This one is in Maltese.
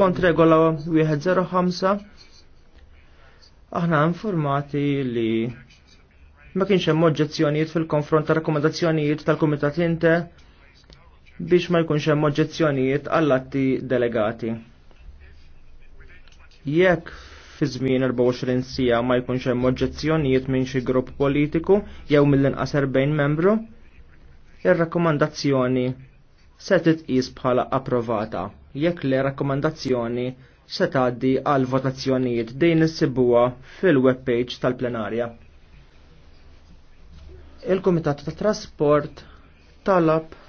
Kont regola 105 aħna informati li ma kienx hemm oġġezzjonijiet fil-konfront ta' rakkomandazzjonijiet tal-Kumitat Inte biex ma jkunx hemm oġġezzjonijiet għall-atti delegati. Jekk fi żmien 24 sija ma jkunx hemm oġġezzjonijiet minn xi grupp politiku jew mill-inqas 40 membru, ir-rakkomandazzjoni se titqis bħala approvata jekk le rakkomandazzjoni se tgħaddi għal votazzjonijiet dejn issibuha fil-webpage tal-plenarja. Il-Kumitat tat Trasport talab